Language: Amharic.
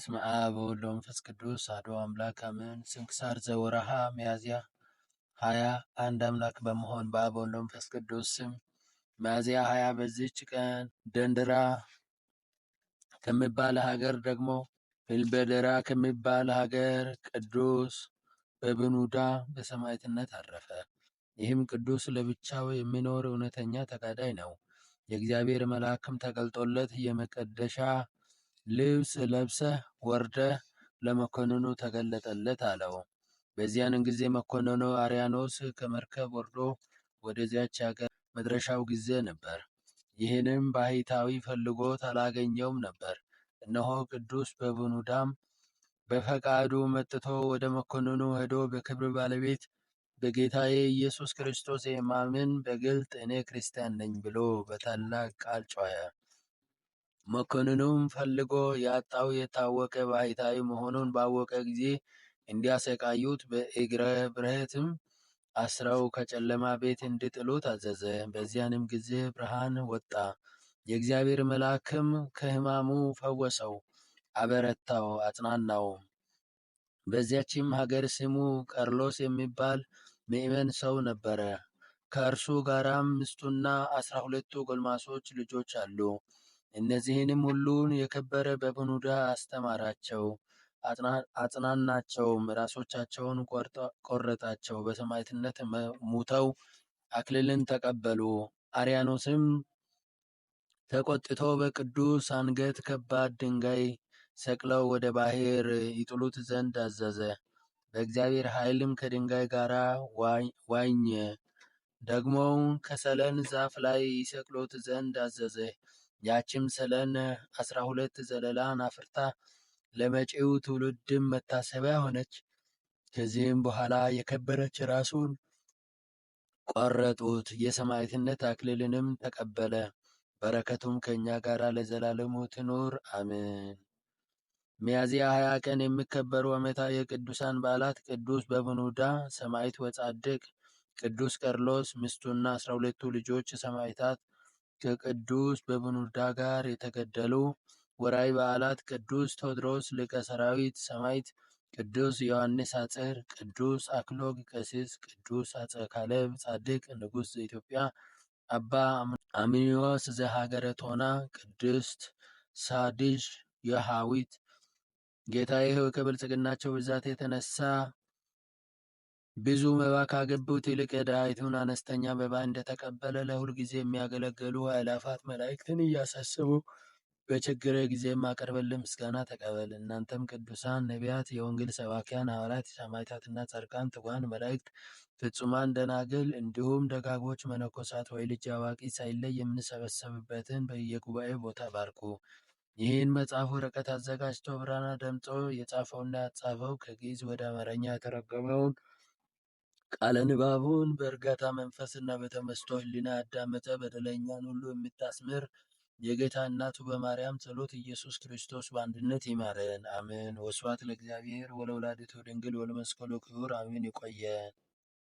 በስመ አብ ወወልድ ወመንፈስ ቅዱስ አሐዱ አምላክ አሜን። ስንክሳር ዘወረሃ ሚያዝያ ሀያ አንድ አምላክ በመሆን በአብ ወወልድ ወመንፈስ ቅዱስ ስም ሚያዝያ ሀያ በዚች ቀን ደንድራ ከሚባል ሀገር ደግሞ ፊልበደራ ከሚባል ሀገር ቅዱስ በብኑዳ በሰማዕትነት አረፈ። ይህም ቅዱስ ለብቻው የሚኖር እውነተኛ ተጋዳይ ነው። የእግዚአብሔር መልአክም ተገልጦለት የመቀደሻ ልብስ ለብሰህ ወርደህ ለመኮንኑ ተገለጠለት አለው። በዚያን ጊዜ መኮንኑ አርያኖስ ከመርከብ ወርዶ ወደዚያች ሀገር መድረሻው ጊዜ ነበር። ይህንም ባህታዊ ፈልጎት አላገኘውም ነበር። እነሆ ቅዱስ በብኑዳም በፈቃዱ መጥቶ ወደ መኮንኑ ሄዶ በክብር ባለቤት በጌታዬ ኢየሱስ ክርስቶስ የማምን በግልጥ እኔ ክርስቲያን ነኝ ብሎ በታላቅ ቃል ጮኸ። መኮንኑም ፈልጎ ያጣው የታወቀ ባህታዊ መሆኑን ባወቀ ጊዜ እንዲያሰቃዩት በእግረ ብረትም አስረው ከጨለማ ቤት እንዲጥሉት ታዘዘ በዚያንም ጊዜ ብርሃን ወጣ። የእግዚአብሔር መልአክም ከህማሙ ፈወሰው፣ አበረታው፣ አጽናናው። በዚያችም ሀገር ስሙ ቀርሎስ የሚባል ምእመን ሰው ነበረ። ከእርሱ ጋራም ምስቱና አስራ ሁለቱ ጎልማሶች ልጆች አሉ። እነዚህንም ሁሉ የከበረ በብኑዳ አስተማራቸው፣ አጽናናቸውም። ራሶቻቸውን ቆረጣቸው፣ በሰማዕትነት ሙተው አክሊልን ተቀበሉ። አርያኖስም ተቆጥቶ በቅዱስ አንገት ከባድ ድንጋይ ሰቅለው ወደ ባህር ይጥሉት ዘንድ አዘዘ። በእግዚአብሔር ኃይልም ከድንጋይ ጋር ዋኘ። ደግሞ ከሰለን ዛፍ ላይ ይሰቅሉት ዘንድ አዘዘ። ያችም ስለን አስራ ሁለት ዘለላን አፍርታ ለመጪው ትውልድም መታሰቢያ ሆነች። ከዚህም በኋላ የከበረች ራሱን ቆረጡት፣ የሰማዕትነት አክሊልንም ተቀበለ። በረከቱም ከእኛ ጋር ለዘላለሙ ትኑር አሜን። ሚያዝያ ሀያ ቀን የሚከበሩ ዓመታዊ የቅዱሳን በዓላት ቅዱስ በብኑዳ ሰማዕት ወጻድቅ፣ ቅዱስ ቀርሎስ ሚስቱና አስራ ሁለቱ ልጆች ሰማዕታት ከቅዱስ በብኑዳ ጋር የተገደሉ ወራዊ በዓላት ቅዱስ ቴዎድሮስ ሊቀ ሰራዊት ሰማዕት፣ ቅዱስ ዮሐንስ ሐፂር፣ ቅዱስ አክሎግ ቀሲስ፣ ቅዱስ አፄ ካሌብ ጻድቅ ንጉሥ ዘኢትዮጵያ፣ አባ አምኒዎስ ዘሀገረ ቶና፣ ቅድስት ሳድዥ የሃዊት ጌታዬ ሆይ፣ ከብልጽግናቸው ብዛት የተነሳ ብዙ መባ ካገቡት ይልቅ የድሃይቱን አነስተኛ መባ እንደተቀበለ ለሁል ጊዜ የሚያገለግሉ አእላፋት መላእክትን እያሳሰቡ በችግር ጊዜ የማቀርብልህ ምስጋና ተቀበል። እናንተም ቅዱሳን ነቢያት፣ የወንጌል ሰባኪያን ሐዋርያት፣ ሰማዕታትና ጻድቃን፣ ትጉሃን መላእክት፣ ፍጹማን ደናግል፣ እንዲሁም ደጋጎች መነኮሳት ወይ ልጅ አዋቂ ሳይለይ የምንሰበሰብበትን በየጉባኤ ቦታ ባርኩ። ይህን መጽሐፍ ወረቀት አዘጋጅቶ ብራና ደምጾ የጻፈውና ያጻፈው ከግዕዝ ወደ አማርኛ የተረጎመውን ቃለ ንባቡን በእርጋታ መንፈስና በተመስጦ ህሊና ያዳመጠ፣ በደለኛን ሁሉ የምታስምር የጌታ እናቱ በማርያም ጸሎት ኢየሱስ ክርስቶስ በአንድነት ይማረን፣ አሜን። ወስብሐት ለእግዚአብሔር ወለወላዲቱ ድንግል ወለመስቀሉ ክቡር አሜን። ይቆየን።